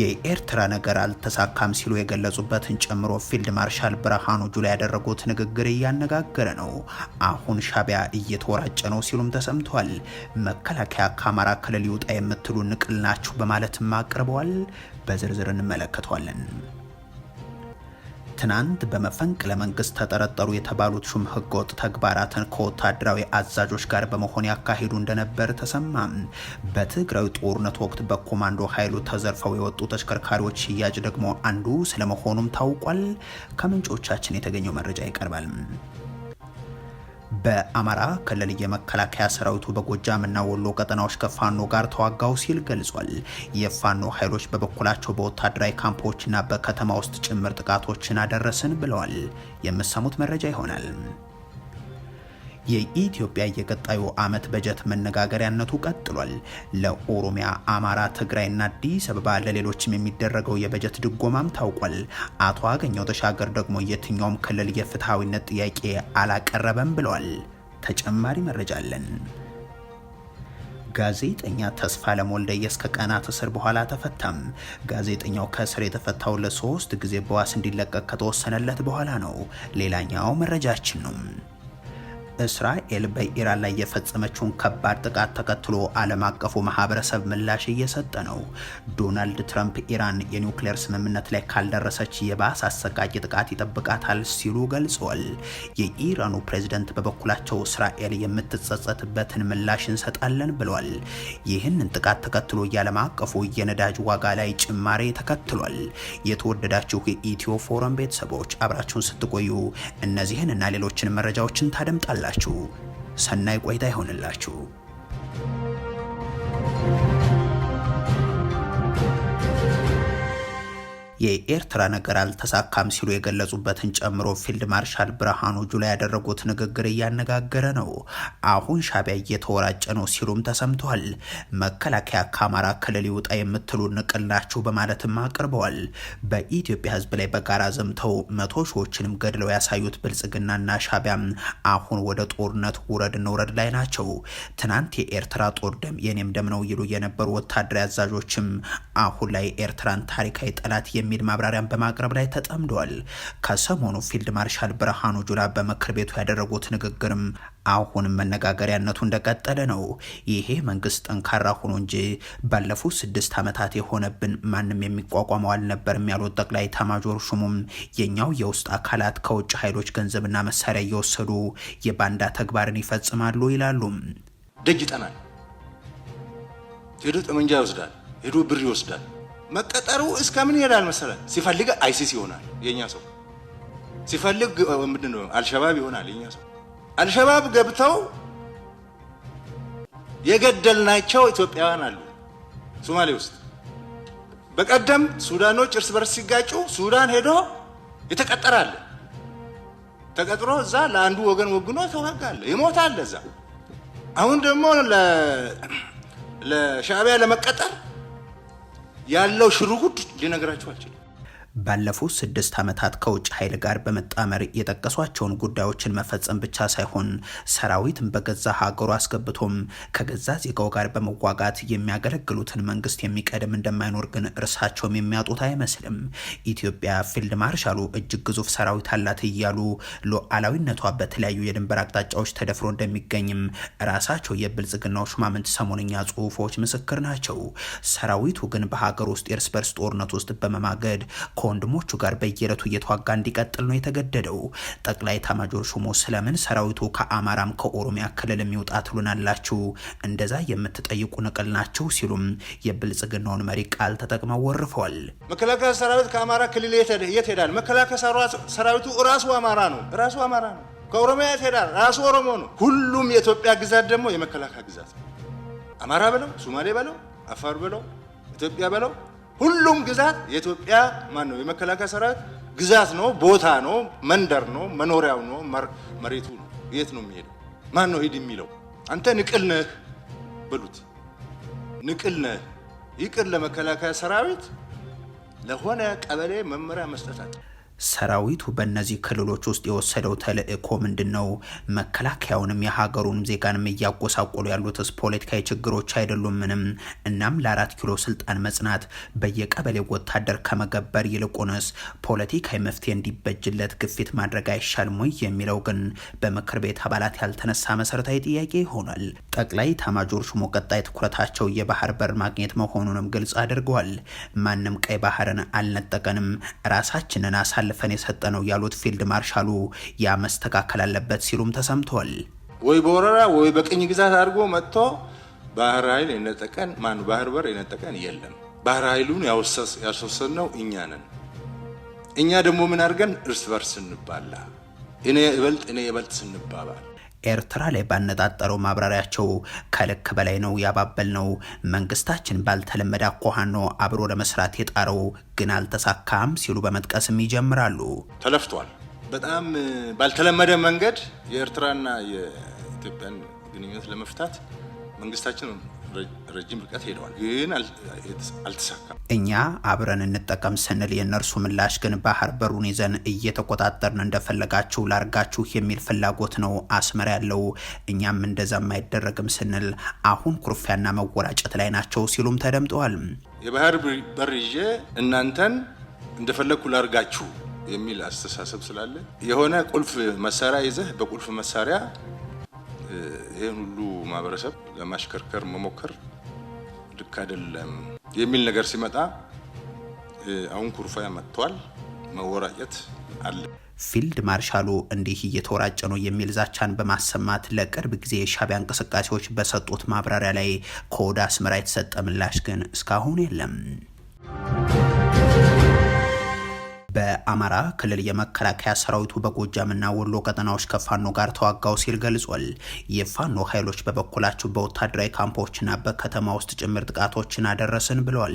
የኤርትራ ነገር አልተሳካም ሲሉ የገለጹበትን ጨምሮ ፊልድ ማርሻል ብርሃኑ ጁላ ያደረጉት ንግግር እያነጋገረ ነው። አሁን ሻቢያ እየተወራጨ ነው ሲሉም ተሰምቷል። መከላከያ ከአማራ ክልል ይውጣ የምትሉ ንቅል ናችሁ በማለትም አቅርበዋል። በዝርዝር እንመለከተዋለን። ትናንት በመፈንቅለ መንግስት ተጠረጠሩ የተባሉት ሹም ህገወጥ ተግባራትን ከወታደራዊ አዛዦች ጋር በመሆን ያካሂዱ እንደነበር ተሰማ። በትግራዊ ጦርነት ወቅት በኮማንዶ ኃይሉ ተዘርፈው የወጡ ተሽከርካሪዎች ሽያጭ ደግሞ አንዱ ስለመሆኑም ታውቋል። ከምንጮቻችን የተገኘው መረጃ ይቀርባል። በአማራ ክልል የመከላከያ ሰራዊቱ እና ወሎ ቀጠናዎች ከፋኖ ጋር ተዋጋው ሲል ገልጿል። የፋኖ ኃይሎች በበኩላቸው በወታደራዊ ካምፖችና በከተማ ውስጥ ጭምር ጥቃቶችን አደረስን ብለዋል። የምሰሙት መረጃ ይሆናል። የኢትዮጵያ የቀጣዩ ዓመት በጀት መነጋገሪያነቱ ቀጥሏል። ለኦሮሚያ፣ አማራ፣ ትግራይና አዲስ አበባ ለሌሎችም የሚደረገው የበጀት ድጎማም ታውቋል። አቶ አገኘው ተሻገር ደግሞ የትኛውም ክልል የፍትሐዊነት ጥያቄ አላቀረበም ብለዋል። ተጨማሪ መረጃ አለን። ጋዜጠኛ ተስፋለም ወልደየስ ከቀናት እስር በኋላ ተፈታም። ጋዜጠኛው ከእስር የተፈታው ለሶስት ጊዜ በዋስ እንዲለቀቅ ከተወሰነለት በኋላ ነው። ሌላኛው መረጃችን ነው። እስራኤል በኢራን ላይ የፈጸመችውን ከባድ ጥቃት ተከትሎ ዓለም አቀፉ ማህበረሰብ ምላሽ እየሰጠ ነው። ዶናልድ ትራምፕ ኢራን የኒውክሌር ስምምነት ላይ ካልደረሰች የባስ አሰቃቂ ጥቃት ይጠብቃታል ሲሉ ገልጿል። የኢራኑ ፕሬዝደንት በበኩላቸው እስራኤል የምትጸጸትበትን ምላሽ እንሰጣለን ብሏል። ይህንን ጥቃት ተከትሎ የዓለም አቀፉ የነዳጅ ዋጋ ላይ ጭማሬ ተከትሏል። የተወደዳችሁ የኢትዮ ፎረም ቤተሰቦች አብራችሁን ስትቆዩ እነዚህን እና ሌሎችን መረጃዎችን ታደምጣላችሁ። ይሁንላችሁ። ሰናይ ቆይታ ይሆንላችሁ። የኤርትራ ነገር አልተሳካም ሲሉ የገለጹበትን ጨምሮ ፊልድ ማርሻል ብርሃኑ ጁላ ያደረጉት ንግግር እያነጋገረ ነው። አሁን ሻቢያ እየተወራጨ ነው ሲሉም ተሰምተዋል። መከላከያ ከአማራ ክልል ይውጣ የምትሉ ንቅል ናችሁ በማለትም አቅርበዋል። በኢትዮጵያ ሕዝብ ላይ በጋራ ዘምተው መቶ ሺዎችንም ገድለው ያሳዩት ብልጽግናና ሻቢያ አሁን ወደ ጦርነት ውረድ ንውረድ ላይ ናቸው። ትናንት የኤርትራ ጦር ደም የኔም ደም ነው ይሉ የነበሩ ወታደራዊ አዛዦችም አሁን ላይ ኤርትራን ታሪካዊ ጠላት የሚ የሚል ማብራሪያን በማቅረብ ላይ ተጠምደዋል። ከሰሞኑ ፊልድ ማርሻል ብርሃኑ ጁላ በምክር ቤቱ ያደረጉት ንግግርም አሁንም መነጋገሪያነቱ እንደቀጠለ ነው። ይሄ መንግስት ጠንካራ ሆኖ እንጂ ባለፉት ስድስት ዓመታት የሆነብን ማንም የሚቋቋመው አልነበርም ያሉት ጠቅላይ ኤታማዦር ሹሙም የኛው የውስጥ አካላት ከውጭ ኃይሎች ገንዘብና መሳሪያ እየወሰዱ የባንዳ ተግባርን ይፈጽማሉ ይላሉ። ደጅ ይጠናል፣ ሄዶ ጠመንጃ ይወስዳል፣ ሄዶ ብር ይወስዳል መቀጠሩ እስከምን ይሄዳል መሰለ? ሲፈልግ አይሲስ ይሆናል የኛ ሰው፣ ሲፈልግ ምንድን ነው አልሸባብ ይሆናል የኛ ሰው። አልሸባብ ገብተው የገደልናቸው ኢትዮጵያውያን አሉ ሶማሌ ውስጥ። በቀደም ሱዳኖች እርስ በርስ ሲጋጩ ሱዳን ሄዶ የተቀጠራለ ተቀጥሮ እዛ ለአንዱ ወገን ወግኖ ተዋጋለ፣ ይሞታል እዛ። አሁን ደግሞ ለሻዕቢያ ለመቀጠር ያለው ሽሩጉድ ሊነግራችሁ አልችልም። ባለፉት ስድስት ዓመታት ከውጭ ኃይል ጋር በመጣመር የጠቀሷቸውን ጉዳዮችን መፈጸም ብቻ ሳይሆን ሰራዊትን በገዛ ሀገሩ አስገብቶም ከገዛ ዜጋው ጋር በመዋጋት የሚያገለግሉትን መንግስት የሚቀድም እንደማይኖር ግን እርሳቸውም የሚያጡት አይመስልም። ኢትዮጵያ ፊልድ ማርሻሉ እጅግ ግዙፍ ሰራዊት አላት እያሉ ሉዓላዊነቷ በተለያዩ የድንበር አቅጣጫዎች ተደፍሮ እንደሚገኝም ራሳቸው የብልጽግናው ሹማምንት ሰሞንኛ ጽሁፎች ምስክር ናቸው። ሰራዊቱ ግን በሀገር ውስጥ የእርስ በርስ ጦርነት ውስጥ በመማገድ ከወንድሞቹ ጋር በየዕለቱ እየተዋጋ እንዲቀጥል ነው የተገደደው። ጠቅላይ ኤታማዦር ሹሙ ስለምን ሰራዊቱ ከአማራም ከኦሮሚያ ክልል የሚውጣ ትሉናላችሁ? እንደዛ የምትጠይቁ ንቅል ናችሁ ሲሉም የብልጽግናውን መሪ ቃል ተጠቅመው ወርፈዋል። መከላከያ ሰራዊት ከአማራ ክልል የት ሄዳል? መከላከያ ሰራዊቱ ራሱ አማራ ነው፣ ራሱ አማራ ነው። ከኦሮሚያ የት ራሱ ኦሮሞ ነው። ሁሉም የኢትዮጵያ ግዛት ደግሞ የመከላከያ ግዛት አማራ በለው፣ ሶማሌ በለው፣ አፋር በለው፣ ኢትዮጵያ በለው ሁሉም ግዛት የኢትዮጵያ ማን ነው? የመከላከያ ሰራዊት ግዛት ነው፣ ቦታ ነው፣ መንደር ነው፣ መኖሪያው ነው፣ መሬቱ ነው። የት ነው የሚሄደው? ማን ነው ሂድ የሚለው? አንተ ንቅል ነህ በሉት። ንቅል ነህ ይቅር። ለመከላከያ ሰራዊት ለሆነ ቀበሌ መመሪያ መስጠት አለ። ሰራዊቱ በእነዚህ ክልሎች ውስጥ የወሰደው ተልእኮ ምንድን ነው? መከላከያውንም የሀገሩንም ዜጋንም እያጎሳቆሉ ያሉትስ ፖለቲካዊ ችግሮች አይደሉም ምንም። እናም ለአራት ኪሎ ስልጣን መጽናት በየቀበሌው ወታደር ከመገበር ይልቁንስ ፖለቲካዊ መፍትሄ እንዲበጅለት ግፊት ማድረግ አይሻልም ወይ የሚለው ግን በምክር ቤት አባላት ያልተነሳ መሰረታዊ ጥያቄ ይሆናል። ጠቅላይ ኤታማዦር ሹሙ ቀጣይ ትኩረታቸው የባህር በር ማግኘት መሆኑንም ግልጽ አድርገዋል። ማንም ቀይ ባህርን አልነጠቀንም ራሳችንን አሳል አሳልፈን ነው ያሉት ፊልድ ማርሻሉ ያ መስተካከል አለበት ሲሉም ተሰምቷል። ወይ በወረራ ወይ በቅኝ ግዛት አድርጎ መጥቶ ባህር ኃይል የነጠቀን ማን ባህር በር የነጠቀን የለም። ባህር ኃይሉን ነው እኛ ነን። እኛ ደግሞ ምን አድርገን እርስ በርስ ስንባላ እኔ እበልጥ እኔ እበልጥ ስንባባል ኤርትራ ላይ ባነጣጠረው ማብራሪያቸው ከልክ በላይ ነው ያባበል ነው መንግስታችን ባልተለመደ አኳኋን ነው አብሮ ለመስራት የጣረው ግን አልተሳካም ሲሉ በመጥቀስም ይጀምራሉ። ተለፍቷል። በጣም ባልተለመደ መንገድ የኤርትራና የኢትዮጵያን ግንኙነት ለመፍታት መንግስታችን ረጅም ርቀት ሄደዋል፣ ግን አልተሳካም። እኛ አብረን እንጠቀም ስንል የእነርሱ ምላሽ ግን ባህር በሩን ይዘን እየተቆጣጠርን እንደፈለጋችሁ ላርጋችሁ የሚል ፍላጎት ነው አስመር ያለው። እኛም እንደዛም አይደረግም ስንል አሁን ኩርፊያና መወራጨት ላይ ናቸው ሲሉም ተደምጠዋል። የባህር በር ይዤ እናንተን እንደፈለግኩ ላርጋችሁ የሚል አስተሳሰብ ስላለ የሆነ ቁልፍ መሳሪያ ይዘህ በቁልፍ መሳሪያ ይህን ሁሉ ማህበረሰብ ለማሽከርከር መሞከር ልክ አይደለም የሚል ነገር ሲመጣ አሁን ኩርፋያ መጥተዋል፣ መወራጨት አለ። ፊልድ ማርሻሉ እንዲህ እየተወራጨ ነው የሚል ዛቻን በማሰማት ለቅርብ ጊዜ የሻቢያ እንቅስቃሴዎች በሰጡት ማብራሪያ ላይ ከወደ አስመራ የተሰጠ ምላሽ ግን እስካሁን የለም። በአማራ ክልል የመከላከያ ሰራዊቱ በጎጃምና ወሎ ቀጠናዎች ከፋኖ ጋር ተዋጋው ሲል ገልጿል። የፋኖ ኃይሎች በበኩላቸው በወታደራዊ ካምፖችና በከተማ ውስጥ ጭምር ጥቃቶችን አደረስን ብለዋል።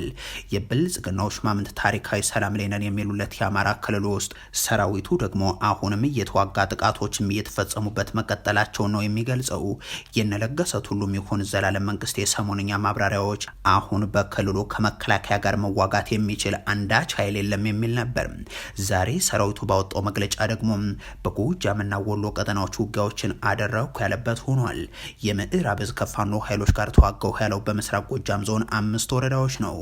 የብልጽግናው ሹማምንት ታሪካዊ ሰላም ላይ ነን የሚሉለት የአማራ ክልል ውስጥ ሰራዊቱ ደግሞ አሁንም እየተዋጋ ጥቃቶችም እየተፈጸሙበት መቀጠላቸው ነው የሚገልጸው። የነለገሰ ሁሉም ይሁን ዘላለም መንግስት የሰሞንኛ ማብራሪያዎች አሁን በክልሉ ከመከላከያ ጋር መዋጋት የሚችል አንዳች ኃይል የለም የሚል ነበር። ዛሬ ሰራዊቱ ባወጣው መግለጫ ደግሞ በጎጃምና ወሎ ቀጠናዎች ውጊያዎችን አደረኩ ያለበት ሆኗል። የምዕራብ እዝ ከፋኖ ኃይሎች ጋር ተዋጋው ያለው በምስራቅ ጎጃም ዞን አምስት ወረዳዎች ነው።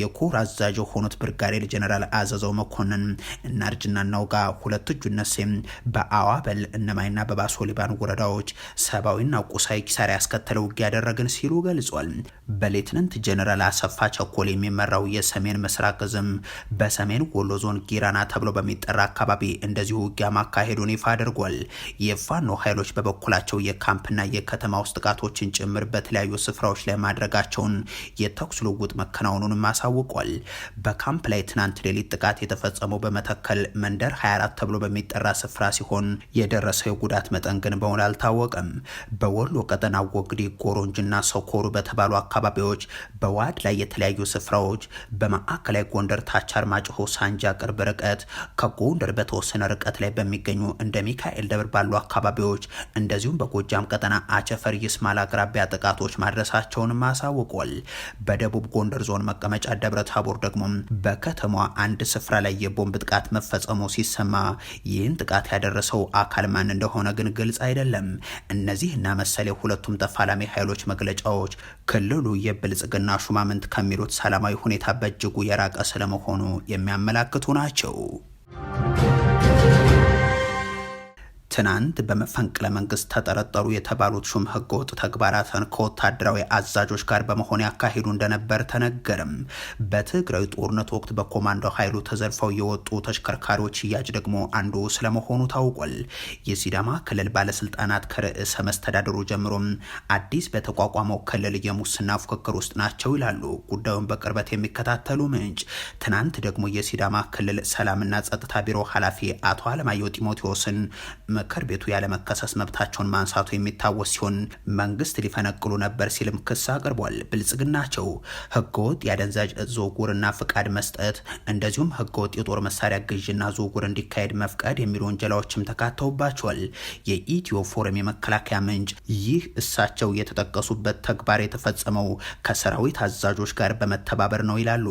የኮር አዛዥ የሆኑት ብርጋዴር ጀነራል አዘዘው መኮንን እናርጅና እናውጋ ሁለት እጁ ነሴም በአዋበል እነማይና በባሶ ሊባን ወረዳዎች ሰብአዊና ቁሳዊ ኪሳራ ያስከተለ ውጊያ ያደረግን ሲሉ ገልጿል። በሌትነንት ጀነራል አሰፋ ቸኮል የሚመራው የሰሜን ምስራቅ እዝም በሰሜን ወሎ ዞን ጊራ። ጣና ተብሎ በሚጠራ አካባቢ እንደዚሁ ውጊያ ማካሄዱን ይፋ አድርጓል። የፋኖ ኃይሎች በበኩላቸው የካምፕና የከተማ ውስጥ ጥቃቶችን ጭምር በተለያዩ ስፍራዎች ላይ ማድረጋቸውን የተኩስ ልውውጥ መከናወኑንም አሳውቋል። በካምፕ ላይ ትናንት ሌሊት ጥቃት የተፈጸመው በመተከል መንደር 24 ተብሎ በሚጠራ ስፍራ ሲሆን የደረሰው የጉዳት መጠን ግን በውል አልታወቀም። በወሎ ቀጠና ወግዲ፣ ጎሮንጅና ሰኮሩ በተባሉ አካባቢዎች በዋድ ላይ የተለያዩ ስፍራዎች በማዕከላዊ ጎንደር ታች አርማጭሆ ሳንጃ ቅርብ ርቀት ከጎንደር በተወሰነ ርቀት ላይ በሚገኙ እንደ ሚካኤል ደብር ባሉ አካባቢዎች እንደዚሁም በጎጃም ቀጠና አቸፈር ይስማል አቅራቢያ ጥቃቶች ማድረሳቸውን ማሳውቋል። በደቡብ ጎንደር ዞን መቀመጫ ደብረ ታቦር ደግሞ በከተማዋ አንድ ስፍራ ላይ የቦምብ ጥቃት መፈጸሙ ሲሰማ ይህን ጥቃት ያደረሰው አካል ማን እንደሆነ ግን ግልጽ አይደለም። እነዚህ እና መሰል የሁለቱም ተፋላሚ ኃይሎች መግለጫዎች ክልሉ የብልጽግና ሹማምንት ከሚሉት ሰላማዊ ሁኔታ በእጅጉ የራቀ ስለመሆኑ የሚያመላክቱ ናቸው። ናቸው። ትናንት በመፈንቅለ መንግስት ተጠረጠሩ የተባሉት ሹም ህገወጥ ተግባራትን ከወታደራዊ አዛዦች ጋር በመሆን ያካሂዱ እንደነበር ተነገርም። በትግራዊ ጦርነት ወቅት በኮማንዶ ኃይሉ ተዘርፈው የወጡ ተሽከርካሪዎች ሽያጭ ደግሞ አንዱ ስለመሆኑ ታውቋል። የሲዳማ ክልል ባለስልጣናት ከርዕሰ መስተዳደሩ ጀምሮም አዲስ በተቋቋመው ክልል የሙስና ፉክክር ውስጥ ናቸው ይላሉ ጉዳዩን በቅርበት የሚከታተሉ ምንጭ። ትናንት ደግሞ የሲዳማ ክልል ሰላምና ጸጥታ ቢሮ ኃላፊ አቶ አለማየሁ ጢሞቴዎስን በምክር ቤቱ ያለመከሰስ መብታቸውን ማንሳቱ የሚታወስ ሲሆን መንግስት ሊፈነቅሉ ነበር ሲልም ክስ አቅርቧል። ብልጽግናቸው ህገወጥ የአደንዛዥ ዝውውርና ፍቃድ መስጠት እንደዚሁም ህገወጥ የጦር መሳሪያ ግዥና ዝውውር እንዲካሄድ መፍቀድ የሚሉ ወንጀላዎችም ተካተውባቸዋል። የኢትዮ ፎረም የመከላከያ ምንጭ ይህ እሳቸው የተጠቀሱበት ተግባር የተፈጸመው ከሰራዊት አዛዦች ጋር በመተባበር ነው ይላሉ።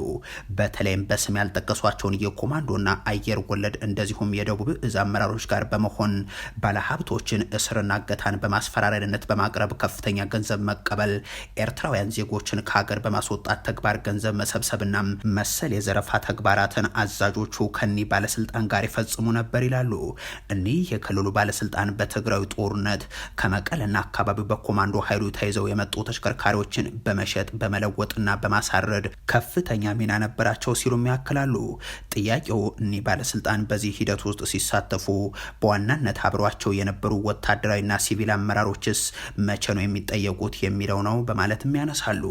በተለይም በስም ያልጠቀሷቸውን የኮማንዶና አየር ወለድ እንደዚሁም የደቡብ እዝ አመራሮች ጋር በመሆን ባለሀብቶችን እስርና እገታን በማስፈራሪያነት በማቅረብ ከፍተኛ ገንዘብ መቀበል፣ ኤርትራውያን ዜጎችን ከሀገር በማስወጣት ተግባር ገንዘብ መሰብሰብና መሰል የዘረፋ ተግባራትን አዛዦቹ ከኒህ ባለስልጣን ጋር ይፈጽሙ ነበር ይላሉ። እኒህ የክልሉ ባለስልጣን በትግራዊ ጦርነት ከመቀለና አካባቢው በኮማንዶ ኃይሉ ተይዘው የመጡ ተሽከርካሪዎችን በመሸጥ በመለወጥና በማሳረድ ከፍተኛ ሚና ነበራቸው ሲሉም ያክላሉ። ጥያቄው እኒህ ባለስልጣን በዚህ ሂደት ውስጥ ሲሳተፉ በዋናነት አብሯቸው የነበሩ ወታደራዊና ሲቪል አመራሮችስ መቼ ነው የሚጠየቁት የሚለው ነው በማለትም ያነሳሉ።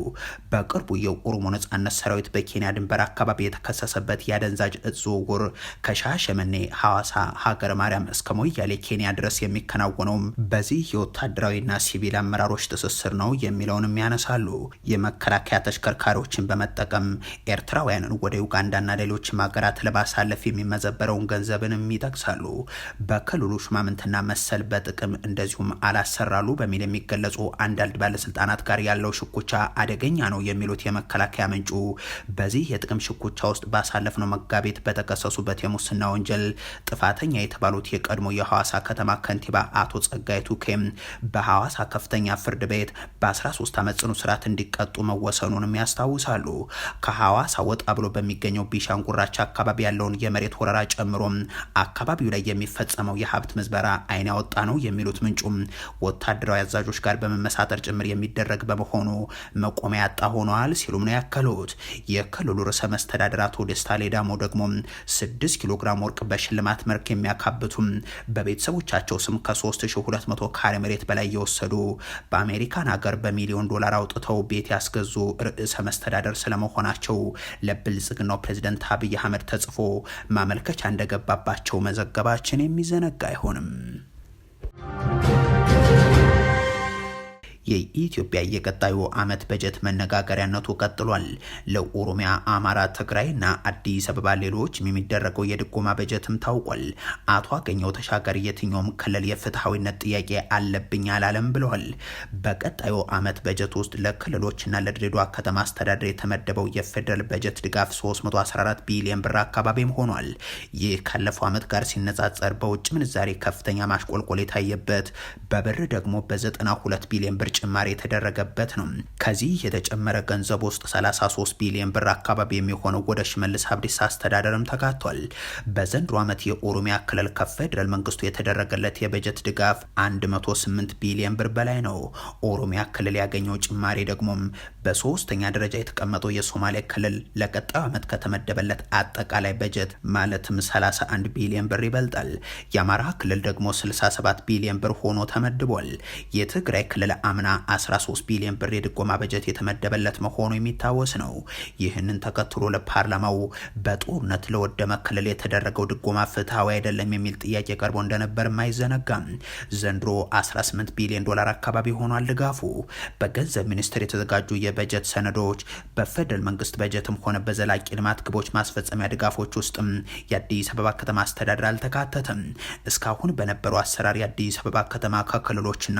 በቅርቡ የኦሮሞ ነጻነት ሰራዊት በኬንያ ድንበር አካባቢ የተከሰሰበት የአደንዛዥ እጽ ዝውውር ከሻሸመኔ ሐዋሳ፣ ሀገረ ማርያም እስከ ሞያሌ ኬንያ ድረስ የሚከናወነውም በዚህ የወታደራዊና ሲቪል አመራሮች ትስስር ነው የሚለውንም ያነሳሉ። የመከላከያ ተሽከርካሪዎችን በመጠቀም ኤርትራውያንን ወደ ዩጋንዳና ሌሎች ሀገራት ለማሳለፍ የሚመዘበረውን ገንዘብንም ይጠቅሳሉ። በክልሉ ሽማ መተማመንትና መሰል በጥቅም እንደዚሁም አላሰራሉ በሚል የሚገለጹ አንዳንድ ባለስልጣናት ጋር ያለው ሽኩቻ አደገኛ ነው የሚሉት የመከላከያ ምንጩ በዚህ የጥቅም ሽኩቻ ውስጥ ባሳለፍነው መጋቢት በተከሰሱበት የሙስና ወንጀል ጥፋተኛ የተባሉት የቀድሞ የሐዋሳ ከተማ ከንቲባ አቶ ጸጋይ ቱኬም በሐዋሳ ከፍተኛ ፍርድ ቤት በ13 ዓመት ጽኑ ስርዓት እንዲቀጡ መወሰኑንም ያስታውሳሉ። ከሐዋሳ ወጣ ብሎ በሚገኘው ቢሻንጉራቻ አካባቢ ያለውን የመሬት ወረራ ጨምሮ አካባቢው ላይ የሚፈጸመው የሀብት መዝ ምዝበራ አይን ያወጣ ነው የሚሉት ምንጩም ወታደራዊ አዛዦች ጋር በመመሳጠር ጭምር የሚደረግ በመሆኑ መቆሚያ ያጣ ሆኗል ሲሉም ነው ያከሉት። የክልሉ ርዕሰ መስተዳደር አቶ ደስታ ሌዳሞ ደግሞ ስድስት ኪሎ ግራም ወርቅ በሽልማት መልክ የሚያካብቱም በቤተሰቦቻቸው ስም ከ3200 ካሬ መሬት በላይ እየወሰዱ በአሜሪካን ሀገር በሚሊዮን ዶላር አውጥተው ቤት ያስገዙ ርዕሰ መስተዳደር ስለመሆናቸው ለብልጽግናው ፕሬዚደንት አብይ አህመድ ተጽፎ ማመልከቻ እንደገባባቸው መዘገባችን የሚዘነጋ አይሆንም። Instagram. የኢትዮጵያ የቀጣዩ ዓመት በጀት መነጋገሪያነቱ ቀጥሏል። ለኦሮሚያ፣ አማራ፣ ትግራይና አዲስ አበባ ሌሎችም የሚደረገው የድጎማ በጀትም ታውቋል። አቶ አገኘው ተሻገር የትኛውም ክልል የፍትሐዊነት ጥያቄ አለብኝ አላለም ብለዋል። በቀጣዩ ዓመት በጀት ውስጥ ለክልሎችና ለድሬዷ ከተማ አስተዳደር የተመደበው የፌደራል በጀት ድጋፍ 314 ቢሊዮን ብር አካባቢም ሆኗል። ይህ ካለፈው ዓመት ጋር ሲነጻጸር በውጭ ምንዛሬ ከፍተኛ ማሽቆልቆል የታየበት በብር ደግሞ በ92 ቢሊዮን ብር ጭማሪ የተደረገበት ነው። ከዚህ የተጨመረ ገንዘብ ውስጥ 33 ቢሊዮን ብር አካባቢ የሚሆነው ወደ ሽመልስ አብዲሳ አስተዳደርም ተካቷል። በዘንድሮ ዓመት የኦሮሚያ ክልል ከፌዴራል መንግስቱ የተደረገለት የበጀት ድጋፍ 108 ቢሊዮን ብር በላይ ነው። ኦሮሚያ ክልል ያገኘው ጭማሪ ደግሞም በሶስተኛ ደረጃ የተቀመጠው የሶማሌ ክልል ለቀጣዩ ዓመት ከተመደበለት አጠቃላይ በጀት ማለትም 31 ቢሊዮን ብር ይበልጣል። የአማራ ክልል ደግሞ 67 ቢሊዮን ብር ሆኖ ተመድቧል። የትግራይ ክልል አምና አምና 13 ቢሊዮን ብር የድጎማ በጀት የተመደበለት መሆኑ የሚታወስ ነው። ይህንን ተከትሎ ለፓርላማው በጦርነት ለወደመ ክልል የተደረገው ድጎማ ፍትሐዊ አይደለም የሚል ጥያቄ ቀርቦ እንደነበርም አይዘነጋም። ዘንድሮ 18 ቢሊዮን ዶላር አካባቢ ሆኗል ድጋፉ። በገንዘብ ሚኒስቴር የተዘጋጁ የበጀት ሰነዶች በፌደራል መንግስት በጀትም ሆነ በዘላቂ ልማት ግቦች ማስፈጸሚያ ድጋፎች ውስጥም የአዲስ አበባ ከተማ አስተዳደር አልተካተተም። እስካሁን በነበረው አሰራር የአዲስ አበባ ከተማ ከክልሎችና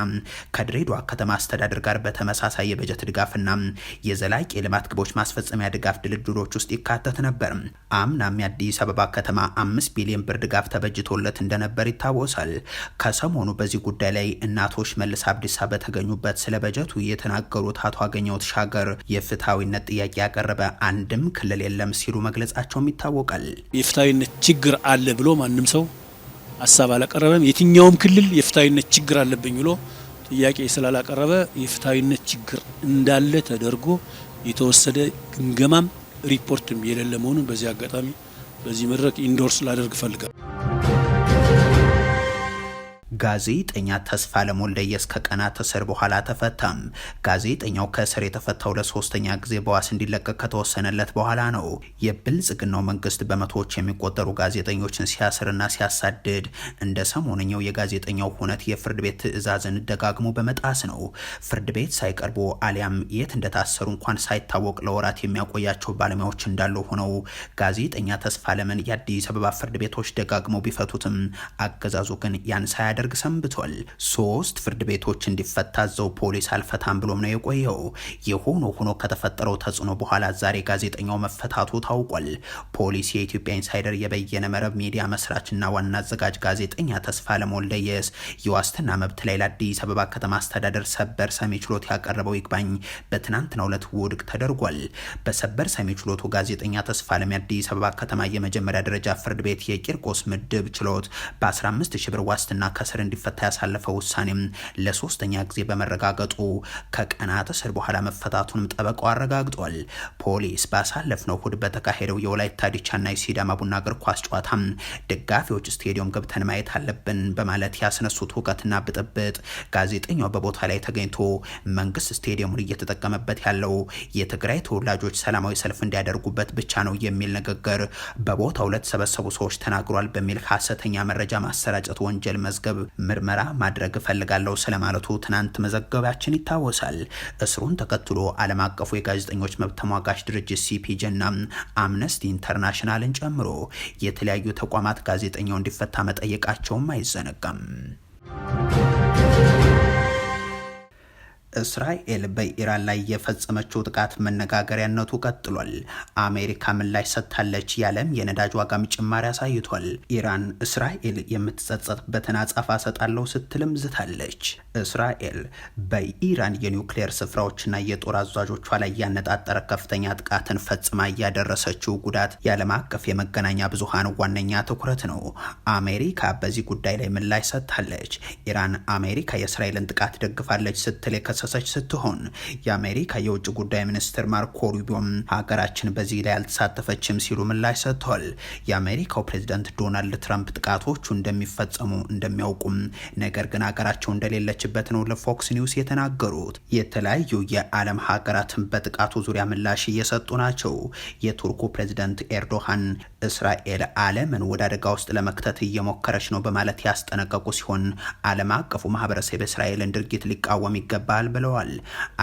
ከድሬዳዋ ከተማ ማስተዳደር ጋር በተመሳሳይ የበጀት ድጋፍና የዘላቂ የልማት ግቦች ማስፈጸሚያ ድጋፍ ድልድሎች ውስጥ ይካተት ነበር። አምናም የአዲስ አበባ ከተማ አምስት ቢሊዮን ብር ድጋፍ ተበጅቶለት እንደነበር ይታወሳል። ከሰሞኑ በዚህ ጉዳይ ላይ እናቶች መልስ አብዲሳ በተገኙበት ስለ በጀቱ የተናገሩት አቶ አገኘው ተሻገር የፍትሐዊነት ጥያቄ ያቀረበ አንድም ክልል የለም ሲሉ መግለጻቸውም ይታወቃል። የፍትሐዊነት ችግር አለ ብሎ ማንም ሰው ሀሳብ አላቀረበም። የትኛውም ክልል የፍትሐዊነት ችግር አለብኝ ብሎ ጥያቄ ስላላቀረበ የፍትሐዊነት ችግር እንዳለ ተደርጎ የተወሰደ ግምገማም ሪፖርትም የሌለ መሆኑን በዚህ አጋጣሚ በዚህ መድረክ ኢንዶርስ ላደርግ እፈልጋለሁ። ጋዜጠኛ ተስፋለም ወልደየስ ከቀናት እስር በኋላ ተፈታም። ጋዜጠኛው ከእስር የተፈታው ለሶስተኛ ጊዜ በዋስ እንዲለቀቅ ከተወሰነለት በኋላ ነው። የብልጽግናው መንግስት በመቶዎች የሚቆጠሩ ጋዜጠኞችን ሲያስርና ሲያሳድድ እንደ ሰሞነኛው የጋዜጠኛው ሁነት የፍርድ ቤት ትዕዛዝን ደጋግሞ በመጣስ ነው። ፍርድ ቤት ሳይቀርቡ አሊያም የት እንደታሰሩ እንኳን ሳይታወቅ ለወራት የሚያቆያቸው ባለሙያዎች እንዳሉ ሆነው ጋዜጠኛ ተስፋለምን የአዲስ አበባ ፍርድ ቤቶች ደጋግመው ቢፈቱትም አገዛዙ ግን ያን ሳያደርግ ሲያደርግ ሰንብቷል። ሶስት ፍርድ ቤቶች እንዲፈታ አዘው ፖሊስ አልፈታም ብሎም ነው የቆየው። የሆኖ ሆኖ ከተፈጠረው ተጽዕኖ በኋላ ዛሬ ጋዜጠኛው መፈታቱ ታውቋል። ፖሊስ የኢትዮጵያ ኢንሳይደር የበየነ መረብ ሚዲያ መስራችና ዋና አዘጋጅ ጋዜጠኛ ተስፋ ለሞልደየስ የዋስትና መብት ላይ ለአዲስ አበባ ከተማ አስተዳደር ሰበር ሰሚ ችሎት ያቀረበው ይግባኝ በትናንትናው ዕለት ውድቅ ተደርጓል። በሰበር ሰሚ ችሎቱ ጋዜጠኛ ተስፋ ለሚ አዲስ አበባ ከተማ የመጀመሪያ ደረጃ ፍርድ ቤት የቂርቆስ ምድብ ችሎት በ15 ሺ ብር ዋስትና ከ በእስር እንዲፈታ ያሳለፈው ውሳኔም ለሶስተኛ ጊዜ በመረጋገጡ ከቀናት እስር በኋላ መፈታቱንም ጠበቃው አረጋግጧል። ፖሊስ ባሳለፍነው እሁድ በተካሄደው የወላይታ ዲቻና የሲዳማ ቡና እግር ኳስ ጨዋታ ደጋፊዎች ስቴዲየም ገብተን ማየት አለብን በማለት ያስነሱት ሁከትና ብጥብጥ ጋዜጠኛው በቦታ ላይ ተገኝቶ መንግስት ስቴዲየሙን እየተጠቀመበት ያለው የትግራይ ተወላጆች ሰላማዊ ሰልፍ እንዲያደርጉበት ብቻ ነው የሚል ንግግር በቦታው ለተሰበሰቡ ሰዎች ተናግሯል በሚል ሀሰተኛ መረጃ ማሰራጨት ወንጀል መዝገብ ምርመራ ማድረግ እፈልጋለሁ ስለማለቱ ትናንት መዘገባችን ይታወሳል። እስሩን ተከትሎ ዓለም አቀፉ የጋዜጠኞች መብት ተሟጋች ድርጅት ሲፒጄና አምነስቲ ኢንተርናሽናልን ጨምሮ የተለያዩ ተቋማት ጋዜጠኛው እንዲፈታ መጠየቃቸውም አይዘነጋም። እስራኤል በኢራን ላይ የፈጸመችው ጥቃት መነጋገሪያነቱ ቀጥሏል። አሜሪካ ምላሽ ሰጥታለች። የዓለም የነዳጅ ዋጋም ጭማሪ አሳይቷል። ኢራን እስራኤል የምትጸጸትበትን አጻፋ ሰጣለው ስትልም ዝታለች። እስራኤል በኢራን የኒውክሌር ስፍራዎችና የጦር አዛዦቿ ላይ ያነጣጠረ ከፍተኛ ጥቃትን ፈጽማ እያደረሰችው ጉዳት የዓለም አቀፍ የመገናኛ ብዙሃን ዋነኛ ትኩረት ነው። አሜሪካ በዚህ ጉዳይ ላይ ምላሽ ሰጥታለች። ኢራን አሜሪካ የእስራኤልን ጥቃት ደግፋለች ስትል የገሰሰች ስትሆን የአሜሪካ የውጭ ጉዳይ ሚኒስትር ማርኮ ሩቢዮም ሀገራችን በዚህ ላይ አልተሳተፈችም ሲሉ ምላሽ ሰጥተዋል። የአሜሪካው ፕሬዚዳንት ዶናልድ ትራምፕ ጥቃቶቹ እንደሚፈጸሙ እንደሚያውቁም ነገር ግን ሀገራቸው እንደሌለችበት ነው ለፎክስ ኒውስ የተናገሩት። የተለያዩ የዓለም ሀገራትን በጥቃቱ ዙሪያ ምላሽ እየሰጡ ናቸው። የቱርኩ ፕሬዚዳንት ኤርዶሃን እስራኤል ዓለምን ወደ አደጋ ውስጥ ለመክተት እየሞከረች ነው በማለት ያስጠነቀቁ ሲሆን ዓለም አቀፉ ማህበረሰብ እስራኤልን ድርጊት ሊቃወም ይገባል ብለዋል።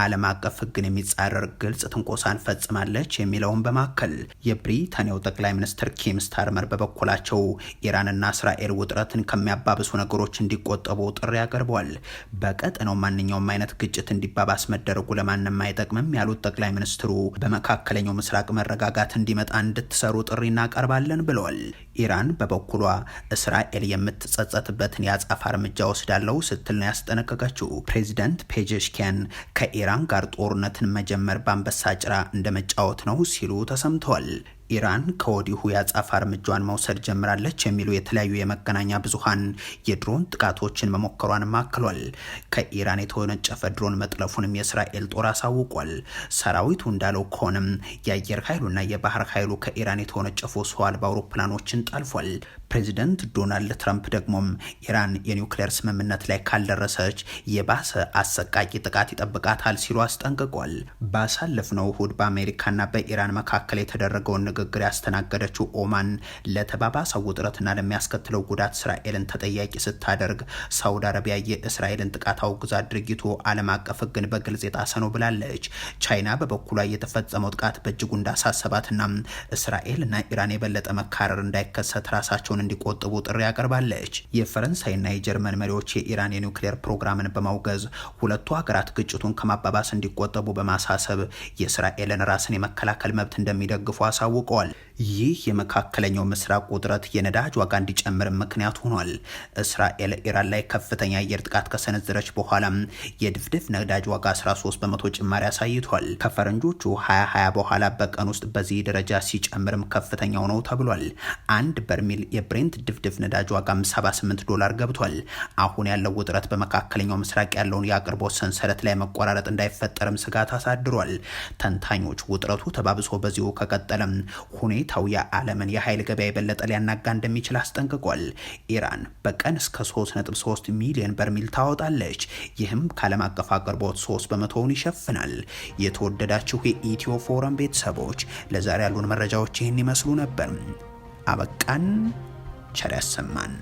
ዓለም አቀፍ ህግን የሚጻረር ግልጽ ትንኮሳን ፈጽማለች የሚለውን በማከል የብሪታንያው ጠቅላይ ሚኒስትር ኪም ስታርመር በበኩላቸው ኢራንና እስራኤል ውጥረትን ከሚያባብሱ ነገሮች እንዲቆጠቡ ጥሪ አቅርበዋል። በቀጠናው ማንኛውም አይነት ግጭት እንዲባባስ መደረጉ ለማንም አይጠቅምም ያሉት ጠቅላይ ሚኒስትሩ በመካከለኛው ምስራቅ መረጋጋት እንዲመጣ እንድትሰሩ ጥሪ እናቀርባለን ብለዋል። ኢራን በበኩሏ እስራኤል የምትጸጸትበትን የአጸፋ እርምጃ ወስዳለው ስትል ነው ያስጠነቀቀችው። ፕሬዚደንት ፔጀሽኪያን ከኢራን ጋር ጦርነትን መጀመር በአንበሳ ጭራ እንደመጫወት ነው ሲሉ ተሰምተዋል። ኢራን ከወዲሁ የአጸፋ እርምጃዋን መውሰድ ጀምራለች የሚሉ የተለያዩ የመገናኛ ብዙሃን የድሮን ጥቃቶችን መሞከሯን ማክሏል። ከኢራን የተወነጨፈ ድሮን መጥለፉንም የእስራኤል ጦር አሳውቋል። ሰራዊቱ እንዳለው ከሆነም የአየር ኃይሉና የባህር ኃይሉ ከኢራን የተወነጨፉ ሰው አልባ አውሮፕላኖችን ጠልፏል። ፕሬዚደንት ዶናልድ ትራምፕ ደግሞም ኢራን የኒውክሌር ስምምነት ላይ ካልደረሰች የባሰ አሰቃቂ ጥቃት ይጠብቃታል ሲሉ አስጠንቅቋል። ባሳለፍነው እሁድ በአሜሪካና በኢራን መካከል የተደረገውን ንግግር ያስተናገደችው ኦማን ለተባባሰው ውጥረትና ለሚያስከትለው ጉዳት እስራኤልን ተጠያቂ ስታደርግ ሳውዲ አረቢያ የእስራኤልን ጥቃት አውግዛ ድርጊቱ ዓለም አቀፍ ሕግን በግልጽ የጣሰ ነው ብላለች። ቻይና በበኩሏ የተፈጸመው ጥቃት በእጅጉ እንዳሳሰባትና እስራኤልና ኢራን የበለጠ መካረር እንዳይከሰት ራሳቸውን እንዲቆጥቡ ጥሪ ያቀርባለች። የፈረንሳይና የጀርመን መሪዎች የኢራን የኒውክሌር ፕሮግራምን በማውገዝ ሁለቱ ሀገራት ግጭቱን ከማባባስ እንዲቆጠቡ በማሳሰብ የእስራኤልን ራስን የመከላከል መብት እንደሚደግፉ አሳውቀ Hola. ይህ የመካከለኛው ምስራቅ ውጥረት የነዳጅ ዋጋ እንዲጨምር ምክንያት ሆኗል። እስራኤል ኢራን ላይ ከፍተኛ አየር ጥቃት ከሰነዘረች በኋላም የድፍድፍ ነዳጅ ዋጋ 13 በመቶ ጭማሪ አሳይቷል። ከፈረንጆቹ 2020 በኋላ በቀን ውስጥ በዚህ ደረጃ ሲጨምርም ከፍተኛው ነው ተብሏል። አንድ በርሜል የብሬንት ድፍድፍ ነዳጅ ዋጋም 78 ዶላር ገብቷል። አሁን ያለው ውጥረት በመካከለኛው ምስራቅ ያለውን የአቅርቦት ሰንሰለት ላይ መቆራረጥ እንዳይፈጠርም ስጋት አሳድሯል። ተንታኞች ውጥረቱ ተባብሶ በዚሁ ከቀጠለም ሁኔታ እይታው የዓለምን የኃይል ገበያ የበለጠ ሊያናጋ እንደሚችል አስጠንቅቋል። ኢራን በቀን እስከ 3.3 ሚሊዮን በርሚል ታወጣለች። ይህም ከዓለም አቀፍ አቅርቦት 3 በመቶውን ይሸፍናል። የተወደዳችሁ የኢትዮ ፎረም ቤተሰቦች ለዛሬ ያሉን መረጃዎች ይህን ይመስሉ ነበር። አበቃን። ቸር ያሰማን።